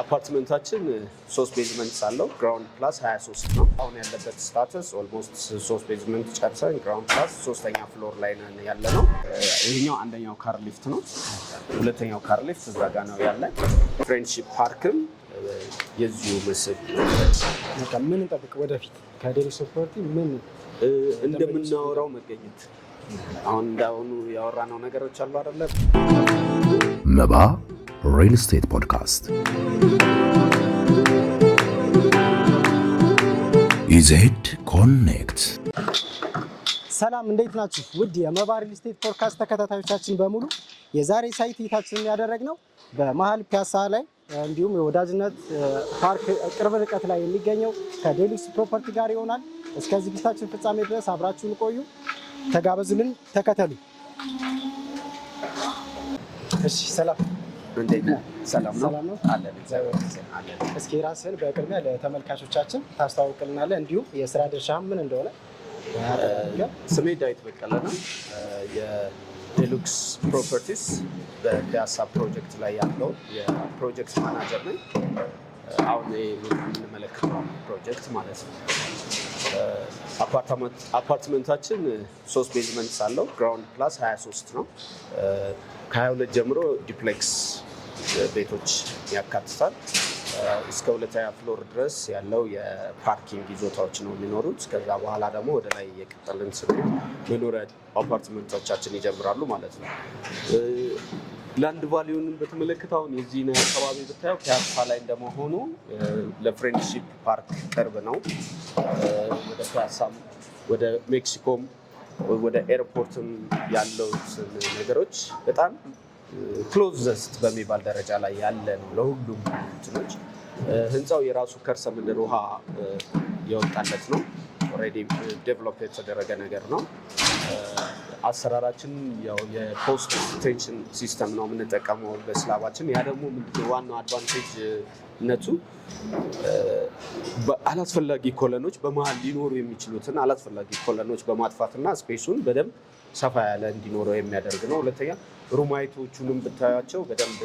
አፓርትመንታችን ሶስት ቤዝመንት አለው። ግራውንድ ፕላስ 23 ነው አሁን ያለበት ስታተስ። ኦልሞስት ሶስት ቤዝመንት ጨርሰን ግራውንድ ፕላስ ሶስተኛ ፍሎር ላይ ነን ያለ ነው። ይህኛው አንደኛው ካር ሊፍት ነው። ሁለተኛው ካር ሊፍት እዛ ጋ ነው ያለ። ፍሬንድሺፕ ፓርክም የዚሁ ምስል ምን እንጠብቅ? ወደፊት ከደሬ ፕሮፐርቲ ምን እንደምናወራው መገኘት አሁን እንዳሁኑ ያወራነው ነገሮች አሉ አይደለም መባ ሪል ስቴት ፖድካስት ኢዜድ ኮኔክት። ሰላም እንዴት ናችሁ? ውድ የመባ ሪል ስቴት ፖድካስት ተከታታዮቻችን በሙሉ የዛሬ ሳይት እይታችንን ያደረግነው በመሀል ፒያሳ ላይ እንዲሁም የወዳጅነት ፓርክ ቅርብ ርቀት ላይ የሚገኘው ከዴሉክስ ፕሮፐርቲ ጋር ይሆናል። እስከ ዝግጅታችን ፍጻሜ ድረስ አብራችሁን ቆዩ። ተጋበዙልን፣ ተከተሉ። እሺ፣ ሰላም እንዴት ነህ? ሰላም ነው አለን። እስኪ ራስህን በቅድሚያ ለተመልካቾቻችን ታስተዋውቅልናለህ፣ እንዲሁም የስራ ድርሻ ምን እንደሆነ። ስሜ ዳዊት በቀለ ነው። የዴሉክስ ፕሮፐርቲስ በፒያሳ ፕሮጀክት ላይ ያለው የፕሮጀክት ማናጀር ነኝ። አሁን የምንመለከተው ፕሮጀክት ማለት ነው። አፓርትመንታችን ሶስት ቤዝመንት አለው። ግራውንድ ፕላስ 23 ነው። ከ22 ጀምሮ ዲፕሌክስ ቤቶች ያካትታል። እስከ ሁለተኛ ፍሎር ድረስ ያለው የፓርኪንግ ይዞታዎች ነው የሚኖሩት። ከዛ በኋላ ደግሞ ወደ ላይ የቀጠልን ስንል መኖሪያ አፓርትመንቶቻችን ይጀምራሉ ማለት ነው። ላንድ ቫሊዩንም በተመለከተ አሁን የዚህ አካባቢ ብታየው ፒያሳ ላይ እንደመሆኑ ለፍሬንድሺፕ ፓርክ ቅርብ ነው። ወደ ፒያሳም ወደ ሜክሲኮም ወደ ኤርፖርትም ያሉት ነገሮች በጣም ክሎዘስት በሚባል ደረጃ ላይ ያለ ነው ለሁሉም እንትኖች። ህንፃው የራሱ ከርሰ ምድር ውሃ የወጣለት ነው። ኦልሬዲ ዴቨሎፕ የተደረገ ነገር ነው። አሰራራችን ያው የፖስት ቴንሽን ሲስተም ነው የምንጠቀመው በስላባችን። ያ ደግሞ ዋናው አድቫንቴጅነቱ አላስፈላጊ ኮለኖች በመሀል ሊኖሩ የሚችሉትን አላስፈላጊ ኮለኖች በማጥፋትና ስፔሱን በደንብ ሰፋ ያለ እንዲኖረው የሚያደርግ ነው። ሁለተኛ ሩማይቶቹንም ብታያቸው በደንብ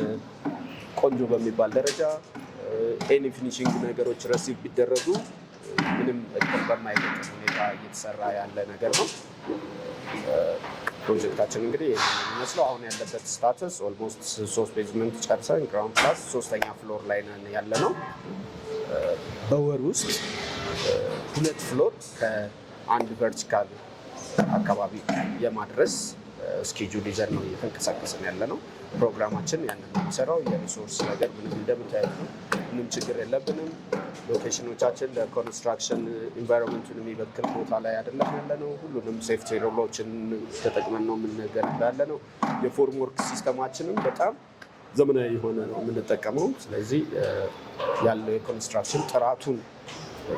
ቆንጆ በሚባል ደረጃ ኤኒ ፊኒሽንግ ነገሮች ረሲቭ ቢደረጉ ምንም እጥር በማይበጥር ሁኔታ እየተሰራ ያለ ነገር ነው። ፕሮጀክታችን እንግዲህ ይህ የሚመስለው አሁን ያለበት ስታተስ ኦልሞስት ሶስት ቤዝመንት ጨርሰን ግራውንድ ፕላስ ሶስተኛ ፍሎር ላይ ያለ ነው። በወር ውስጥ ሁለት ፍሎር ከአንድ ቨርቲካል አካባቢ የማድረስ ስኬጁል ይዘን ነው እየተንቀሳቀስን ያለ ነው። ፕሮግራማችን ያንን የሚሰራው የሪሶርስ ነገር ምንም እንደምታዩት ነው። ምንም ችግር የለብንም። ሎኬሽኖቻችን ለኮንስትራክሽን ኢንቫይሮንመንቱን የሚበክል ቦታ ላይ አይደለም ያለ ነው። ሁሉንም ሴፍቲ ሮሎችን ተጠቅመን ነው የምንነገር ያለ ነው። የፎርም ወርክ ሲስተማችንም በጣም ዘመናዊ የሆነ ነው የምንጠቀመው። ስለዚህ ያለው የኮንስትራክሽን ጥራቱን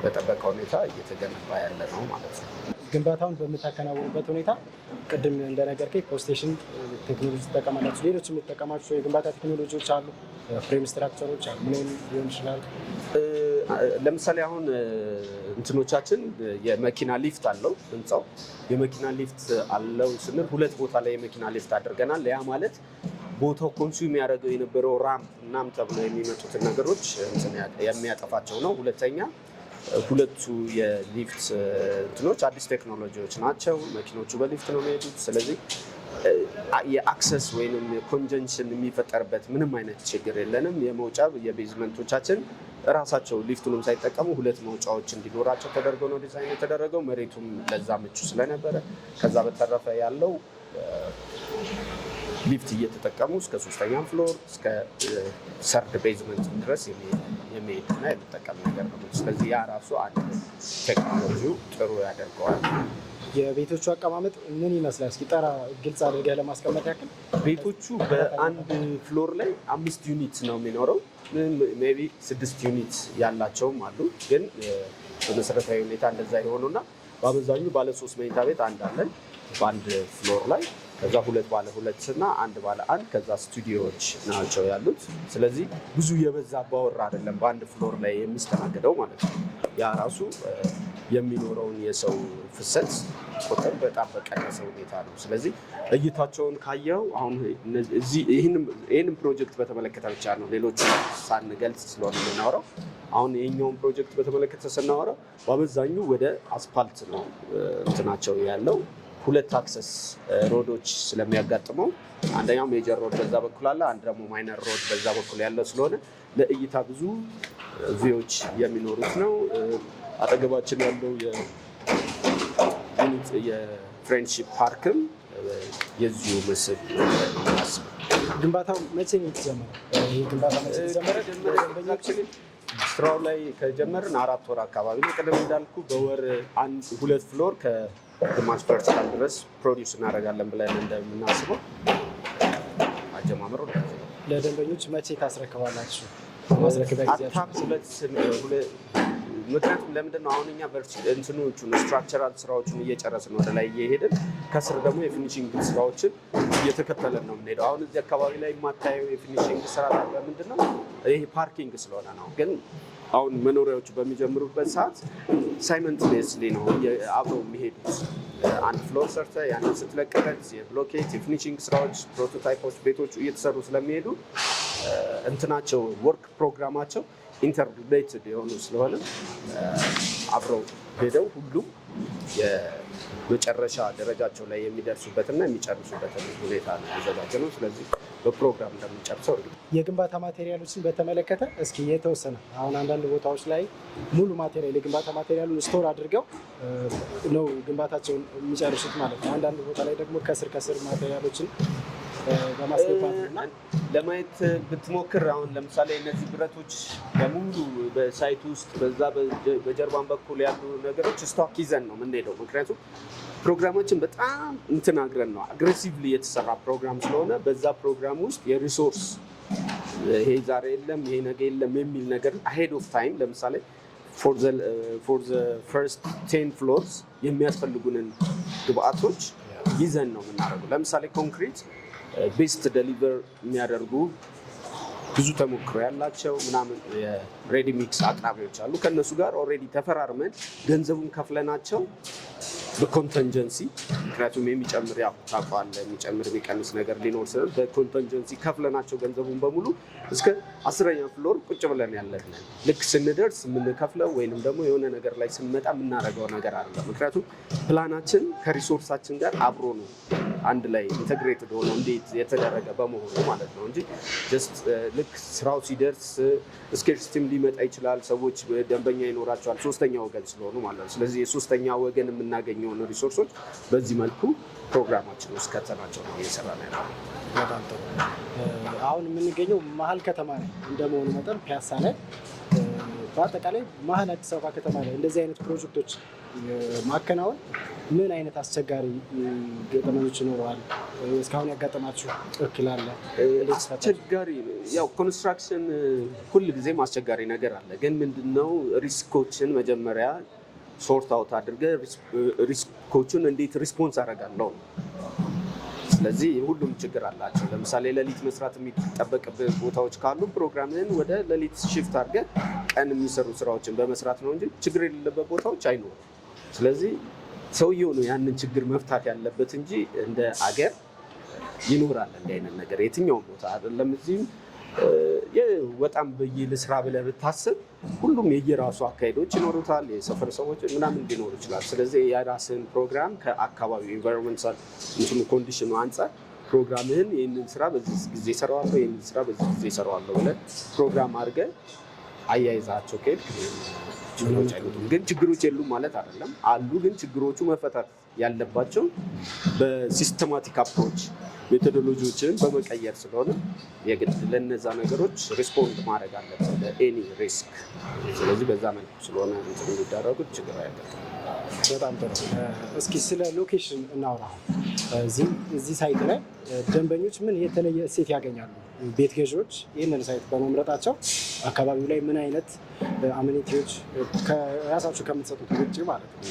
በጠበቀ ሁኔታ እየተገነባ ያለ ነው ማለት ነው። ግንባታውን በምታከናወኑበት ሁኔታ ቅድም እንደነገር ፖስቴሽን ቴክኖሎጂ ትጠቀማላችሁ። ሌሎች የምትጠቀማቸው የግንባታ ቴክኖሎጂዎች አሉ፣ ፍሬም ስትራክቸሮች አሉ። ምን ሊሆን ይችላል? ለምሳሌ አሁን እንትኖቻችን የመኪና ሊፍት አለው ህንፃው። የመኪና ሊፍት አለው ስንል ሁለት ቦታ ላይ የመኪና ሊፍት አድርገናል። ያ ማለት ቦታው ኮንሱም ያደረገው የነበረው ራም እናም ተብሎ የሚመጡትን ነገሮች የሚያጠፋቸው ነው። ሁለተኛ ሁለቱ የሊፍት እንትኖች አዲስ ቴክኖሎጂዎች ናቸው። መኪኖቹ በሊፍት ነው የሚሄዱት። ስለዚህ የአክሰስ ወይም ኮንጀንሽን የሚፈጠርበት ምንም አይነት ችግር የለንም። የመውጫ የቤዝመንቶቻችን እራሳቸው ሊፍቱንም ሳይጠቀሙ ሁለት መውጫዎች እንዲኖራቸው ተደርጎ ነው ዲዛይን የተደረገው። መሬቱም ለዛ ምቹ ስለነበረ ከዛ በተረፈ ያለው ሊፍት እየተጠቀሙ እስከ ሶስተኛም ፍሎር እስከ ሰርድ ቤዝመንት ድረስ የሚሄድና የሚጠቀም ነገር ነው። ስለዚህ ያ ራሱ አንድ ቴክኖሎጂው ጥሩ ያደርገዋል። የቤቶቹ አቀማመጥ ምን ይመስላል? እስኪ ጠራ ግልጽ አድርገህ ለማስቀመጥ ያክል ቤቶቹ በአንድ ፍሎር ላይ አምስት ዩኒት ነው የሚኖረው። ሜይ ቢ ስድስት ዩኒት ያላቸውም አሉ። ግን በመሰረታዊ ሁኔታ እንደዛ የሆኑና በአብዛኙ ባለ ሶስት መኝታ ቤት አንድ አለን በአንድ ፍሎር ላይ ከዛ ሁለት ባለ ሁለት እና አንድ ባለ አንድ ከዛ ስቱዲዮዎች ናቸው ያሉት። ስለዚህ ብዙ የበዛ ባወራ አይደለም በአንድ ፍሎር ላይ የሚስተናገደው ማለት ነው። ያ ራሱ የሚኖረውን የሰው ፍሰት ቁጥር በጣም በቀነሰ ሁኔታ ነው። ስለዚህ እይታቸውን ካየው አሁን ይህንን ፕሮጀክት በተመለከተ ብቻ ነው፣ ሌሎች ሳንገልጽ ስለሆነ የምናወራው። አሁን ይህኛውን ፕሮጀክት በተመለከተ ስናወራ በአመዛኙ ወደ አስፓልት ነው እንትናቸው ያለው ሁለት አክሰስ ሮዶች uh, ስለሚያጋጥመው አንደኛው ሜጀር ሮድ በዛ በኩል አለ፣ አንድ ደግሞ ማይነር ሮድ በዛ በኩል ያለው ስለሆነ ለእይታ ብዙ ቪዎች uh, የሚኖሩት ነው። uh, አጠገባችን ያለው የፍሬንድሺፕ ፓርክም የዚሁ ምስል ግንባታው መቼ ነው የተጀመረው? ስራው ላይ ከጀመርን አራት ወር አካባቢ ነው። ቀደም እንዳልኩ በወር አንድ ሁለት ፍሎር ከግማሽ ፐርሰንት ድረስ ፕሮዲውስ እናደርጋለን ብለን እንደምናስበው አጀማመሩ ለደንበኞች መቼ ታስረክባላችሁ? ማስረከቢያ ጊዜ ሁለት ምክንያቱም ለምንድን ነው አሁን እኛ እንትኖቹን ስትራክቸራል ስራዎችን እየጨረስን ወደ ላይ እየሄድን ከስር ደግሞ የፊኒሽንግ ስራዎችን እየተከተለን ነው የምንሄደው። አሁን እዚህ አካባቢ ላይ የማታየው የፊኒሽንግ ስራ ምንድን ነው? ይሄ ፓርኪንግ ስለሆነ ነው። ግን አሁን መኖሪያዎቹ በሚጀምሩበት ሰዓት ሳይመንትኔስሊ ነው አብረው የሚሄዱት። አንድ ፍሎር ሰርተ ያንን ስትለቅበት የብሎኬት የፊኒሽንግ ስራዎች፣ ፕሮቶታይፖች፣ ቤቶቹ እየተሰሩ ስለሚሄዱ እንትናቸው ወርክ ፕሮግራማቸው ኢንተርሪሌትድ የሆኑ ስለሆነ አብረው ሄደው ሁሉም የመጨረሻ ደረጃቸው ላይ የሚደርሱበትና የሚጨርሱበትን ሁኔታ ነው ነው። ስለዚህ በፕሮግራም እንደምንጨርሰው የግንባታ ማቴሪያሎችን በተመለከተ እስኪ የተወሰነ አሁን አንዳንድ ቦታዎች ላይ ሙሉ ማቴሪያል የግንባታ ማቴሪያሉን ስቶር አድርገው ነው ግንባታቸውን የሚጨርሱት ማለት ነው። አንዳንድ ቦታ ላይ ደግሞ ከስር ከስር ማቴሪያሎችን በማስገባት እና ለማየት ብትሞክር አሁን ለምሳሌ እነዚህ ብረቶች በሙሉ በሳይት ውስጥ በዛ በጀርባን በኩል ያሉ ነገሮች ስቶክ ይዘን ነው የምንሄደው። ምክንያቱም ፕሮግራማችን በጣም እንትናግረን ነው አግሬሲቭሊ የተሰራ ፕሮግራም ስለሆነ በዛ ፕሮግራም ውስጥ የሪሶርስ ይሄ ዛሬ የለም ይሄ ነገ የለም የሚል ነገር አሄድ ኦፍ ታይም ለምሳሌ ፎር ዘ ፈርስት ቴን ፍሎርስ የሚያስፈልጉንን ግብአቶች ይዘን ነው የምናደርገው። ለምሳሌ ኮንክሪት ቤስት ደሊቨር የሚያደርጉ ብዙ ተሞክሮ ያላቸው ምናምን የሬዲ ሚክስ አቅራቢዎች አሉ። ከእነሱ ጋር ኦልሬዲ ተፈራርመን ገንዘቡን ከፍለናቸው በኮንተንጀንሲ ምክንያቱም የሚጨምር ያው ታውቀዋለህ፣ የሚጨምር የሚቀንስ ነገር ሊኖር ስለ በኮንተንጀንሲ ከፍለናቸው ገንዘቡን በሙሉ እስከ አስረኛ ፍሎር ቁጭ ብለን ያለንን ልክ ስንደርስ የምንከፍለው ወይንም ደግሞ የሆነ ነገር ላይ ስንመጣ የምናደርገው ነገር አለ። ምክንያቱም ፕላናችን ከሪሶርሳችን ጋር አብሮ ነው አንድ ላይ ኢንተግሬትድ ሆኖ እንዴት የተደረገ በመሆኑ ማለት ነው እንጂ ጀስት uh, ልክ ስራው ሲደርስ ስኬርሲቲም ሊመጣ ይችላል። ሰዎች ደንበኛ ይኖራቸዋል፣ ሶስተኛ ወገን ስለሆኑ ማለት ነው። ስለዚህ የሶስተኛ ወገን የምናገኘውን ሪሶርሶች በዚህ መልኩ ፕሮግራማችን ውስጥ ከተናቸው ነው እየሰራ ነው። በጣም ጥሩ። አሁን የምንገኘው መሀል ከተማ ነው እንደመሆኑ መጠን ፒያሳ ላይ በአጠቃላይ መሀል አዲስ አበባ ከተማ ላይ እንደዚህ አይነት ፕሮጀክቶች ማከናወን ምን አይነት አስቸጋሪ ገጠመኞች ይኖረዋል? እስካሁን ያጋጠማችሁ እክል አለ? አስቸጋሪ ያው ኮንስትራክሽን ሁል ጊዜም አስቸጋሪ ነገር አለ። ግን ምንድነው ሪስኮችን መጀመሪያ ሶርት አውት አድርገ ሪስኮችን እንዴት ሪስፖንስ አደርጋለሁ ስለዚህ ሁሉም ችግር አላቸው። ለምሳሌ ሌሊት መስራት የሚጠበቅብህ ቦታዎች ካሉ ፕሮግራምህን ወደ ሌሊት ሽፍት አድርገህ ቀን የሚሰሩ ስራዎችን በመስራት ነው እንጂ ችግር የሌለበት ቦታዎች አይኖሩም። ስለዚህ ሰውየው ነው ያንን ችግር መፍታት ያለበት እንጂ እንደ አገር ይኖራል እንዲህ አይነት ነገር የትኛውም ቦታ አይደለም እዚህም ወጣም ብዬ ልስራ ብለህ ብታስብ ሁሉም የየራሱ አካሄዶች ይኖሩታል። የሰፈር ሰዎች ምናምን ሊኖሩ ይችላል። ስለዚህ የራስህን ፕሮግራም ከአካባቢው ኢንቫይሮንመንት እንትኑ ኮንዲሽኑ አንጻር ፕሮግራምህን ይህንን ስራ በዚህ ጊዜ እሰራዋለሁ፣ ይህንን ስራ በዚህ ጊዜ እሰራዋለሁ ብለህ ፕሮግራም አድርገህ አያይዛቸው ከሄድክ ችግሮች ግን ችግሮች የሉም ማለት አይደለም፣ አሉ። ግን ችግሮቹ መፈታት ያለባቸው በሲስተማቲክ አፕሮች ሜቶዶሎጂዎችን በመቀየር ስለሆነ የግድ ለነዛ ነገሮች ሪስፖንድ ማድረግ አለብን፣ ለኤኒ ሪስክ። ስለዚህ በዛ መልኩ ስለሆነ የሚደረጉት ችግር አያለብን። በጣም ጥሩ። እስኪ ስለ ሎኬሽን እናውራ። እዚህ ሳይት ላይ ደንበኞች ምን የተለየ እሴት ያገኛሉ? ቤት ገዢዎች ይህንን ሳይት በመምረጣቸው አካባቢው ላይ ምን አይነት አሜኒቲዎች ራሳችሁ ከምትሰጡት ውጭ ማለት ነው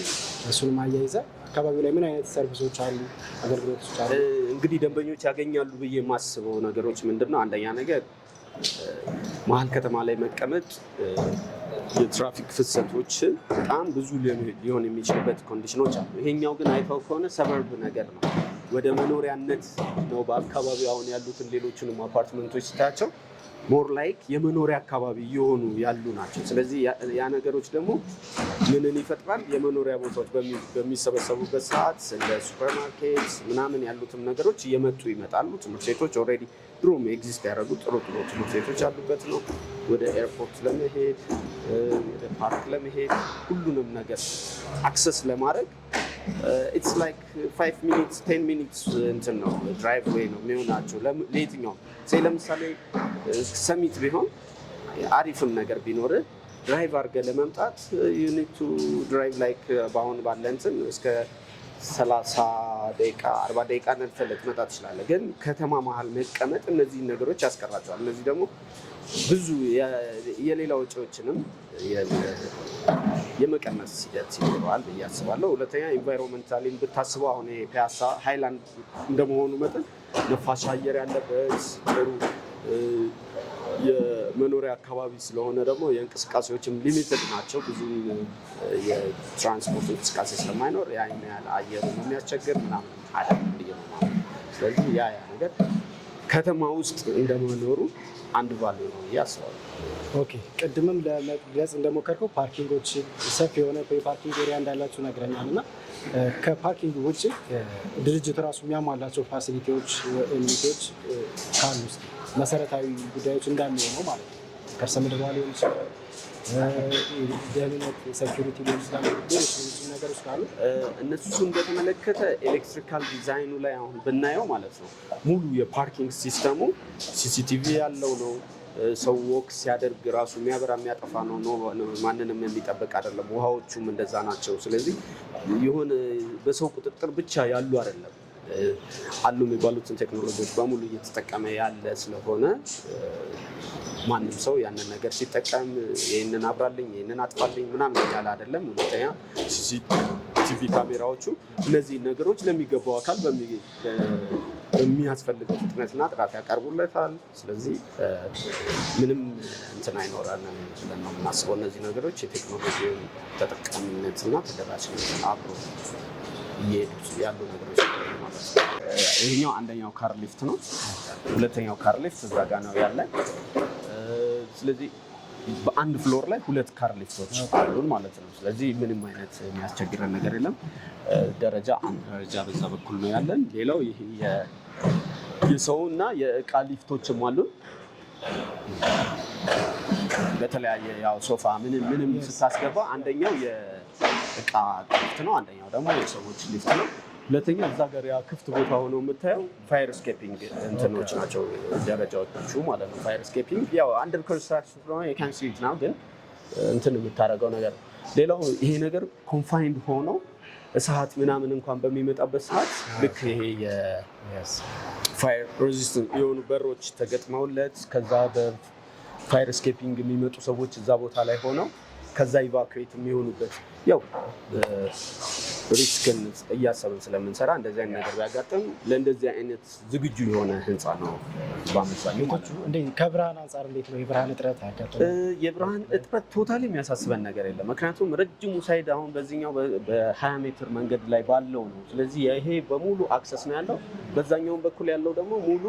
እሱንም አያይዘ አካባቢው ላይ ምን አይነት ሰርቪሶች አሉ፣ አገልግሎቶች አሉ? እንግዲህ ደንበኞች ያገኛሉ ብዬ የማስበው ነገሮች ምንድን ነው? አንደኛ ነገር መሀል ከተማ ላይ መቀመጥ የትራፊክ ፍሰቶች በጣም ብዙ ሊሆን የሚችልበት ኮንዲሽኖች አሉ። ይሄኛው ግን አይተው ከሆነ ሰበርብ ነገር ነው ወደ መኖሪያነት ነው በአካባቢው አሁን ያሉትን ሌሎችንም አፓርትመንቶች ስታያቸው ሞር ላይክ የመኖሪያ አካባቢ እየሆኑ ያሉ ናቸው። ስለዚህ ያ ነገሮች ደግሞ ምንን ይፈጥራል? የመኖሪያ ቦታዎች በሚሰበሰቡበት ሰዓት እንደ ሱፐርማርኬት ምናምን ያሉትም ነገሮች እየመጡ ይመጣሉ። ትምህርት ቤቶች ኦልሬዲ ድሮም ኤግዚስት ያደረጉ ጥሩ ጥሩ ትምህርት ቤቶች ያሉበት ነው። ወደ ኤርፖርት ለመሄድ ወደ ፓርክ ለመሄድ ሁሉንም ነገር አክሰስ ለማድረግ ኢትስ ላይክ ፋይቭ ሚኒትስ ቴን ሚኒትስ እንትን ነው ድራይቭ ዌይ ነው የሚሆናቸው ለየትኛው ሴ ለምሳሌ ሰሚት uh, ቢሆን አሪፍም ነገር ቢኖር ድራይቭ አድርገህ ለመምጣት ዩኒቱ ድራይቭ ላይክ በአሁን ባለ እንትን እስከ ሰላሳ ደቂቃ አርባ ደቂቃ ነድፈህ ልትመጣ ትችላለህ። ግን ከተማ መሀል መቀመጥ እነዚህ ነገሮች ያስቀራቸዋል። እነዚህ ደግሞ ብዙ የሌላ ወጪዎችንም የመቀነስ ሂደት ይኖረዋል ብዬ አስባለሁ። ሁለተኛ ኢንቫይሮንመንታሊ ብታስበው አሁን ፒያሳ ሃይላንድ እንደመሆኑ መጠን ነፋሻ አየር ያለበት ጥሩ የመኖሪያ አካባቢ ስለሆነ ደግሞ የእንቅስቃሴዎችም ሊሚትድ ናቸው። ብዙም የትራንስፖርት እንቅስቃሴ ስለማይኖር ያን ያህል አየሩ የሚያስቸግር ምናምን አለ ስለዚህ ያ ያ ነገር ከተማ ውስጥ እንደመኖሩ አንድ ቫልዩ ነው ብዬ አስባለሁ። ኦኬ ቅድምም ለመግለጽ እንደሞከርከው ፓርኪንጎች ሰፊ የሆነ የፓርኪንግ ኤሪያ እንዳላችሁ ነግረኛል እና ከፓርኪንግ ውጭ ድርጅቱ ራሱ የሚያሟላቸው ፋሲሊቲዎች ሚኒቶች ካሉ ውስጥ መሰረታዊ ጉዳዮች እንዳሉ ነው ማለት ነው። ከእርሰ ምድር ሊሆን ይችላል ደህንነት፣ ሴኪሪቲ ነገሮች ካሉ እነሱን በተመለከተ ኤሌክትሪካል ዲዛይኑ ላይ አሁን ብናየው ማለት ነው ሙሉ የፓርኪንግ ሲስተሙ ሲሲቲቪ ያለው ነው። ሰው ወክ ሲያደርግ ራሱ የሚያበራ የሚያጠፋ ነው። ማንንም የሚጠበቅ አይደለም። ውሃዎቹም እንደዛ ናቸው። ስለዚህ የሆነ በሰው ቁጥጥር ብቻ ያሉ አይደለም አሉ የሚባሉትን ቴክኖሎጂዎች በሙሉ እየተጠቀመ ያለ ስለሆነ ማንም ሰው ያንን ነገር ሲጠቀም ይህንን አብራልኝ ይህንን አጥፋልኝ ምናምን እያለ አይደለም። ሁለተኛ ሲሲቲቪ ካሜራዎቹ እነዚህ ነገሮች ለሚገባው አካል በሚያስፈልገው ፍጥነትና ጥራት ያቀርቡለታል። ስለዚህ ምንም እንትን አይኖረንም ብለን ነው የምናስበው። እነዚህ ነገሮች የቴክኖሎጂውን ተጠቃሚነትና ተደራሽነት አብሮ እየሄዱ ያሉ ነገሮች ይሄኛው አንደኛው ካር ሊፍት ነው። ሁለተኛው ካር ሊፍት እዛ ጋ ነው ያለን። ማለት ስለዚህ በአንድ ፍሎር ላይ ሁለት ካር ሊፍቶች አሉን ማለት ነው። ስለዚህ ምንም አይነት የሚያስቸግረን ነገር የለም። ደረጃ አንድ ደረጃ በዛ በኩል ነው ያለን። ሌላው ይህ የሰው እና የእቃ ሊፍቶችም አሉን። በተለያየ ያው ሶፋ ምንም ምንም ስታስገባ አንደኛው የእቃ ሊፍት ነው፣ አንደኛው ደግሞ የሰዎች ሊፍት ነው። ሁለተኛ እዛ ጋር ያ ክፍት ቦታ ሆኖ የምታየው ፋየር ስኬፒንግ እንትኖች ናቸው ደረጃዎቹ ማለት ነው። ፋየር ስኬፒንግ ያው አንደር ኮንስትራክሽን ስለሆነ የካንስሪት ነው፣ ግን እንትን የምታደርገው ነገር ሌላው ይሄ ነገር ኮንፋይንድ ሆኖ እሳት ምናምን እንኳን በሚመጣበት ሰዓት ልክ ይሄ የፋየር ሬዚስታንት የሆኑ በሮች ተገጥመውለት ከዛ በፋየር ስኬፒንግ የሚመጡ ሰዎች እዛ ቦታ ላይ ሆነው ከዛ ኢቫኩዌት የሚሆኑበት ያው ሪስክን እያሰብን ስለምንሰራ እንደዚህ አይነት ነገር ቢያጋጥም ለእንደዚህ አይነት ዝግጁ የሆነ ህንፃ ነው። በአመሳሌ ከብርሃን አንጻር እንዴት ነው የብርሃን እጥረት ያጋጠ? የብርሃን እጥረት ቶታል የሚያሳስበን ነገር የለም። ምክንያቱም ረጅሙ ሳይድ አሁን በዚህኛው በሀያ ሜትር መንገድ ላይ ባለው ነው። ስለዚህ ይሄ በሙሉ አክሰስ ነው ያለው። በዛኛውን በኩል ያለው ደግሞ ሙሉ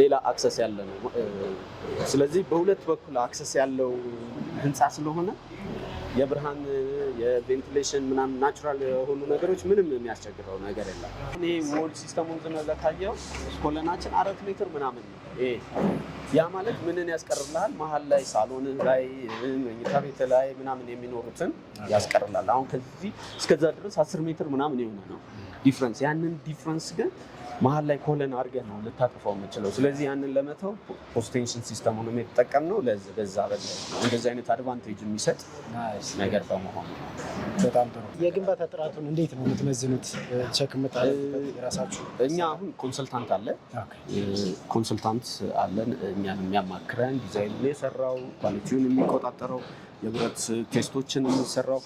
ሌላ አክሰስ ያለ ነው። ስለዚህ በሁለት በኩል አክሰስ ያለው ህንፃ ስለሆነ የብርሃን የቬንቲሌሽን ምናምን ናቹራል የሆኑ ነገሮች ምንም የሚያስቸግረው ነገር የለም። እኔ ዎል ሲስተሙን ዝም ብለህ ካየኸው ኮለናችን አራት ሜትር ምናምን ነው። ያ ማለት ምንን ያስቀርልሃል? መሀል ላይ ሳሎን ላይ መኝታ ቤት ላይ ምናምን የሚኖሩትን ያስቀርላል። አሁን ከዚህ እስከዛ ድረስ አስር ሜትር ምናምን የሆነ ነው ዲፍረንስ። ያንን ዲፍረንስ ግን መሀል ላይ ኮለን አድርገን ነው ልታጠፋው የምችለው። ስለዚህ ያንን ለመተው ፖስቴንሽን ሲስተም ሆኖ የተጠቀም ነው በዛ በ ነው። እንደዚህ አይነት አድቫንቴጅ የሚሰጥ ነገር በመሆኑ በጣም ጥሩ። የግንባታ ጥራቱን እንዴት ነው የምትመዝኑት? ቸክ የራሳችሁ? እኛ አሁን ኮንሰልታንት አለ ኮንሰልታንት አለን እኛን የሚያማክረን ዲዛይኑን የሰራው ኳሊቲውን የሚቆጣጠረው የብረት ቴስቶችን የምንሰራው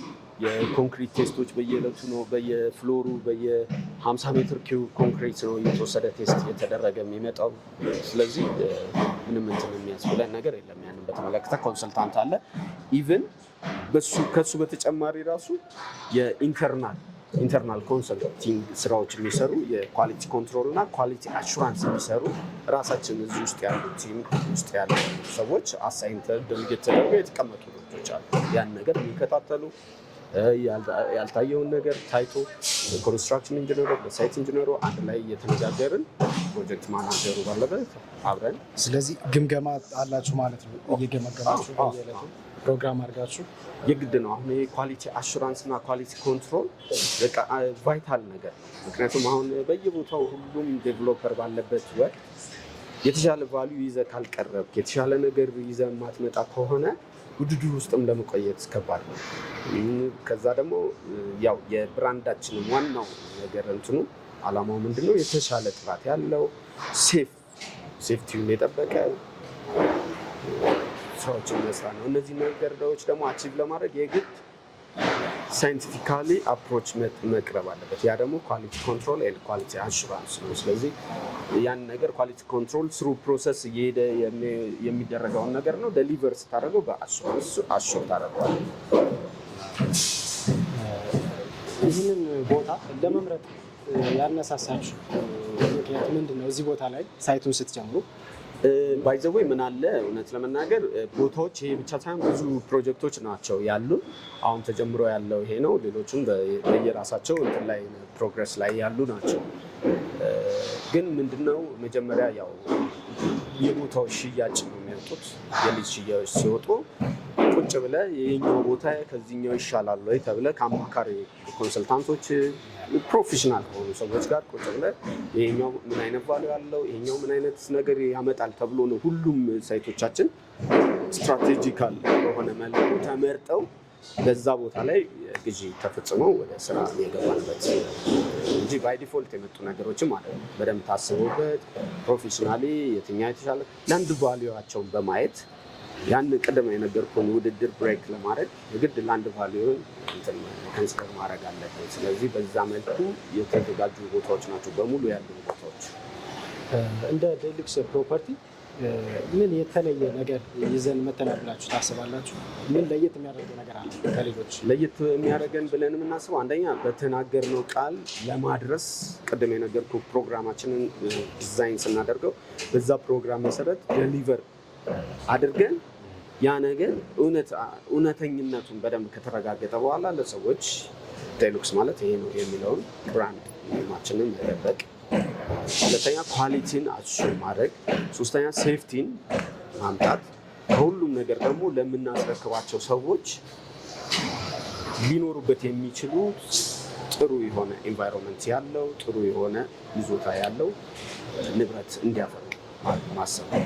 የኮንክሪት ቴስቶች በየዕለቱ ነው። በየፍሎሩ በየ50 ሜትር ኪዩብ ኮንክሪት ነው የተወሰደ ቴስት የተደረገ የሚመጣው። ስለዚህ ምንም እንትን የሚያስብለን ነገር የለም። ያንን በተመለከተ ኮንሰልታንት አለ። ኢቨን ከሱ በተጨማሪ ራሱ የኢንተርናል ኢንተርናል ኮንሰልቲንግ ስራዎች የሚሰሩ የኳሊቲ ኮንትሮል እና ኳሊቲ አሹራንስ የሚሰሩ ራሳችን እዚህ ውስጥ ያሉ ቲም ውስጥ ያሉ ሰዎች አሳይንተ ድርጅት ተደርገው የተቀመጡ ሰዎች አሉ። ያን ነገር የሚከታተሉ ያልታየውን ነገር ታይቶ ኮንስትራክሽን ኢንጂነሩ በሳይት ኢንጂነሩ አንድ ላይ እየተነጋገርን ፕሮጀክት ማናጀሩ ባለበት አብረን። ስለዚህ ግምገማ አላችሁ ማለት ነው፣ እየገመገማችሁ ፕሮግራም አድርጋችሁ የግድ ነው። አሁን ይሄ ኳሊቲ አሹራንስ እና ኳሊቲ ኮንትሮል ቫይታል ነገር ነው። ምክንያቱም አሁን በየቦታው ሁሉም ዴቨሎፐር ባለበት ወቅት የተሻለ ቫሉ ይዘ ካልቀረብ የተሻለ ነገር ይዘ የማትመጣ ከሆነ ውድድር ውስጥም ለመቆየት ከባድ ነው። ከዛ ደግሞ ያው የብራንዳችንም ዋናው ነገር እንትኑ አላማው ነው? የተሻለ ጥራት ያለው ሴፍ ሴፍቲውን የጠበቀ ስራዎችን መስራት ነው። እነዚህ ነገሮች ደግሞ አቺቭ ለማድረግ የግድ ሳይንቲፊካሊ አፕሮች መቅረብ አለበት። ያ ደግሞ ኳሊቲ ኮንትሮል ኤንድ ኳሊቲ አሹራንስ ነው። ስለዚህ ያን ነገር ኳሊቲ ኮንትሮል ስሩ ፕሮሰስ እየሄደ የሚደረገውን ነገር ነው ደሊቨር ስታደርገው በአሹራንስ አሹር ታደርገዋል። ይህንን ቦታ ለመምረጥ ያነሳሳችሁ ምክንያት ምንድን ነው? እዚህ ቦታ ላይ ሳይቱን ስትጀምሩ ባይዘወይ ምን አለ እውነት ለመናገር ቦታዎች ይሄ ብቻ ሳይሆን ብዙ ፕሮጀክቶች ናቸው ያሉ። አሁን ተጀምሮ ያለው ይሄ ነው። ሌሎችም በየራሳቸው እንትን ላይ ፕሮግረስ ላይ ያሉ ናቸው። ግን ምንድነው መጀመሪያ ያው የቦታዎች ሽያጭ ነው የሚያወጡት የሊዝ ሽያጭ ሲወጡ ቁጭ ብለ ይህኛው ቦታ ከዚህኛው ይሻላል ወይ ተብለ ከአማካሪ ኮንሰልታንቶች ፕሮፌሽናል ከሆኑ ሰዎች ጋር ቁጭ ብለ ይህኛው ምን አይነት ባሉ ያለው ይህኛው ምን አይነት ነገር ያመጣል ተብሎ ነው ሁሉም ሳይቶቻችን ስትራቴጂካል በሆነ መልኩ ተመርጠው በዛ ቦታ ላይ ግዢ ተፈጽሞ ወደ ስራ የገባንበት እንጂ ባይ ዲፎልት የመጡ ነገሮችም አለ። በደንብ ታስበውበት ፕሮፌሽናሊ የትኛው የተሻለ ለአንድ ቫሊዋቸውን በማየት ያን ቅድም የነገርኩህን ውድድር ብሬክ ለማድረግ የግድ ላንድ ቫሊዩን ከንስደር ማድረግ አለብን። ስለዚህ በዛ መልኩ የተዘጋጁ ቦታዎች ናቸው በሙሉ ያሉ ቦታዎች። እንደ ዴሉክስ ፕሮፐርቲ ምን የተለየ ነገር ይዘን መተናል ብላችሁ ታስባላችሁ? ምን ለየት የሚያደርገ ነገር አለ ከሌሎች? ለየት የሚያደርገን ብለን የምናስበው አንደኛ በተናገርነው ቃል ለማድረስ ቅድም የነገርኩ ፕሮግራማችንን ዲዛይን ስናደርገው በዛ ፕሮግራም መሰረት ደሊቨር አድርገን ያ ነገር እውነተኝነቱን በደንብ ከተረጋገጠ በኋላ ለሰዎች ዴሉክስ ማለት ይሄ ነው የሚለውን ብራንድ ማችንን መጠበቅ፣ ሁለተኛ ኳሊቲን አሱ ማድረግ፣ ሶስተኛ ሴፍቲን ማምጣት፣ ከሁሉም ነገር ደግሞ ለምናስረክባቸው ሰዎች ሊኖሩበት የሚችሉ ጥሩ የሆነ ኤንቫይሮንመንት ያለው ጥሩ የሆነ ይዞታ ያለው ንብረት እንዲያፈሩ ማሰብ ነው።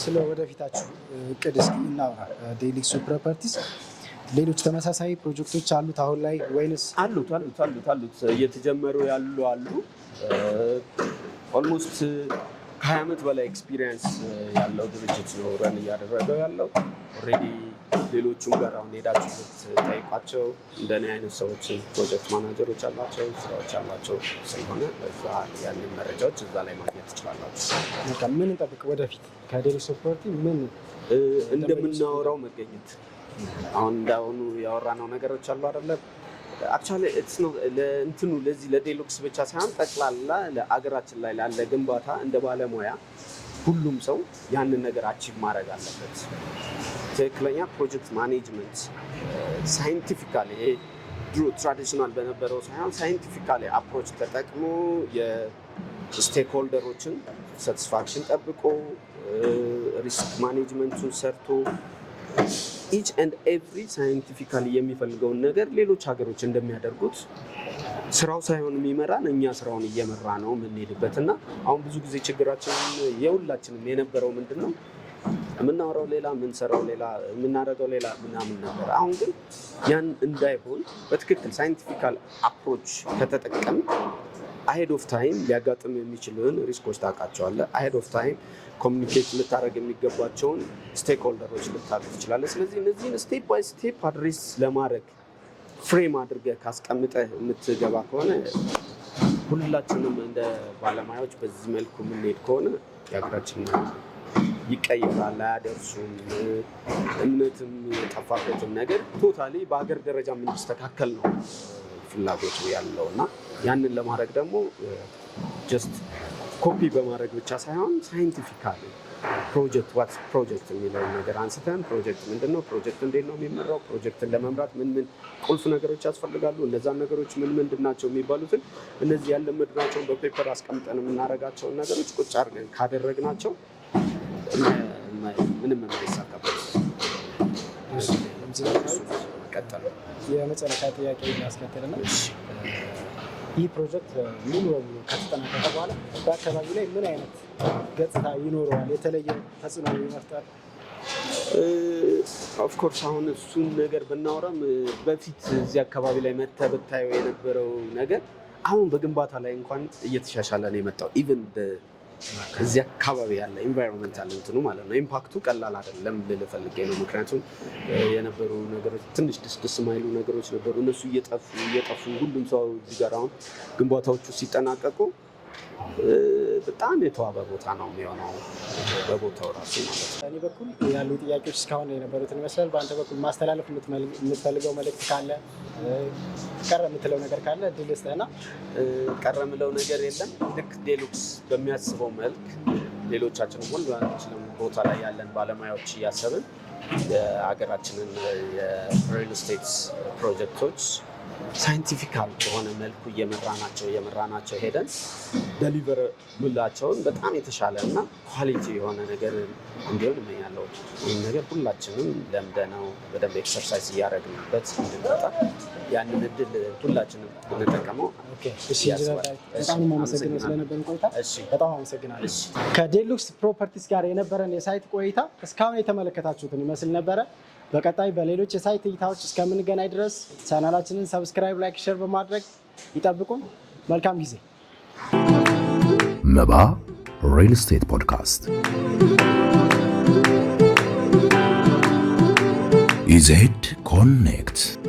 ስለ ወደፊታችሁ እቅድ እናውራ። ዴሊክሱ ፕሮፐርቲስ ሌሎች ተመሳሳይ ፕሮጀክቶች አሉት አሁን ላይ ወይንስ? አሉት አሉት አሉት አሉት እየተጀመሩ ያሉ አሉ። ኦልሞስት ከሀያ ዓመት በላይ ኤክስፒሪየንስ ያለው ድርጅት ነው ረን እያደረገው ያለው ኦልሬዲ ሌሎቹም ጋር አሁን ሄዳችሁ ጠይቋቸው። እንደኔ አይነት ሰዎችን ፕሮጀክት ማናጀሮች አላቸው፣ ስራዎች አላቸው ስለሆነ እዛ ያንን መረጃዎች እዛ ላይ ማግኘት ትችላላችሁ። ምን እንጠብቅ ወደፊት ከዴሎስ ፕሮፐርቲ ምን እንደምናወራው መገኘት አሁን እንዳሁኑ ያወራነው ነገሮች አሉ አደለ አክቹዋሊ እንትኑ ለዚህ ለዴሎክስ ብቻ ሳይሆን ጠቅላላ ለአገራችን ላይ ላለ ግንባታ እንደ ባለሙያ ሁሉም ሰው ያንን ነገር አቺቭ ማድረግ አለበት። ትክክለኛ ፕሮጀክት ማኔጅመንት ሳይንቲፊካሊ ድሮ ትራዲሽናል በነበረው ሳይሆን ሳይንቲፊካሊ አፕሮች ተጠቅሞ የስቴክሆልደሮችን ሳቲስፋክሽን ጠብቆ ሪስክ ማኔጅመንቱን ሰርቶ ኢች ኤንድ ኤቭሪ ሳይንቲፊካሊ የሚፈልገውን ነገር ሌሎች ሀገሮች እንደሚያደርጉት ስራው ሳይሆን የሚመራን እኛ ስራውን እየመራ ነው የምንሄድበት እና አሁን ብዙ ጊዜ ችግራችንን የሁላችንም የነበረው ምንድን ነው የምናወራው ሌላ፣ የምንሰራው ሌላ፣ የምናደርገው ሌላ ምናምን ነበር። አሁን ግን ያን እንዳይሆን በትክክል ሳይንቲፊካል አፕሮች ከተጠቀም አሄድ ኦፍ ታይም ሊያጋጥም የሚችልን ሪስኮች ታውቃቸዋለህ። አሄድ ኦፍ ታይም ኮሚኒኬት ልታደረግ የሚገባቸውን ስቴክሆልደሮች ልታደርግ ትችላለህ። ስለዚህ እነዚህን ስቴፕ ባይ ስቴፕ አድሬስ ለማድረግ ፍሬም አድርገህ ካስቀምጠህ የምትገባ ከሆነ ሁላችንም እንደ ባለሙያዎች በዚህ መልኩ የምንሄድ ከሆነ የሀገራችን ይቀየራል፣ አያደርሱም። እምነትም የጠፋበትም ነገር ቶታሊ በሀገር ደረጃ የምንስተካከል ነው ፍላጎቱ ያለው እና ያንን ለማድረግ ደግሞ ጀስት ኮፒ በማድረግ ብቻ ሳይሆን ሳይንቲፊካል ፕሮጀክት ዋት ፕሮጀክት የሚለውን ነገር አንስተን ፕሮጀክት ምንድን ነው? ፕሮጀክት እንዴት ነው የሚመራው? ፕሮጀክትን ለመምራት ምን ምን ቁልፍ ነገሮች ያስፈልጋሉ? እነዛን ነገሮች ምን ምንድን ናቸው የሚባሉትን እነዚህ ያለመድናቸውን በፔፐር አስቀምጠን የምናደርጋቸውን ነገሮች ቁጭ አድርገን ካደረግናቸው ምንም የማይሳካበት የመጨረሻ ጥያቄ ያስከትልና ይህ ፕሮጀክት ሙሉ በሙሉ ከተጠናቀቀ በኋላ በአካባቢ ላይ ምን አይነት ገጽታ ይኖረዋል? የተለየ ተጽዕኖ ይመፍጣል? ኦፍኮርስ አሁን እሱን ነገር ብናወራም በፊት እዚህ አካባቢ ላይ መተህ ብታየው የነበረው ነገር አሁን በግንባታ ላይ እንኳን እየተሻሻለ ነው የመጣው ኢቨን እዚህ አካባቢ ያለ ኢንቫይሮንመንታል እንትኑ ማለት ነው። ኢምፓክቱ ቀላል አይደለም ልልህ ፈልጌ ነው። ምክንያቱም የነበሩ ነገሮች ትንሽ ደስ ደስ የማይሉ ነገሮች ነበሩ። እነሱ እየጠፉ እየጠፉ ሁሉም ሰው እዚህ ጋር አሁን ግንባታዎቹ ሲጠናቀቁ በጣም የተዋበ ቦታ ነው የሚሆነው በቦታው ራሱ ማለት ነው። በኩል ያሉ ጥያቄዎች እስካሁን የነበሩትን ይመስላል። በአንተ በኩል ማስተላለፍ የምትፈልገው መልእክት ካለ ቀረ የምትለው ነገር ካለ እድል ስጠና። ቀረ የምለው ነገር የለም። ልክ ዴሉክስ በሚያስበው መልክ ሌሎቻችንም ሁላችንም ቦታ ላይ ያለን ባለሙያዎች እያሰብን የሀገራችንን የሪል ስቴት ፕሮጀክቶች ሳይንቲፊካል በሆነ መልኩ እየመራ ናቸው እየመራ ናቸው ሄደን ደሊቨር ሉላቸውን በጣም የተሻለ እና ኳሊቲ የሆነ ነገር እንዲሆን እመኛለሁ። ይህ ነገር ሁላችንም ለምደነው በደንብ ኤክሰርሳይዝ እያደረግንበት እንድንመጣ ያንን እድል ሁላችንም እንጠቀመው። በጣም አመሰግነው ስለነበረን ቆይታ በጣም አመሰግናለሁ። ከዴሉክስ ፕሮፐርቲስ ጋር የነበረን የሳይት ቆይታ እስካሁን የተመለከታችሁትን ይመስል ነበረ። በቀጣይ በሌሎች የሳይት እይታዎች እስከምንገናኝ ድረስ ቻናላችንን ሰብስክራይብ፣ ላይክ፣ ሼር በማድረግ ይጠብቁን። መልካም ጊዜ። መባ ሪል ስቴት ፖድካስት ኢዜድ ኮኔክት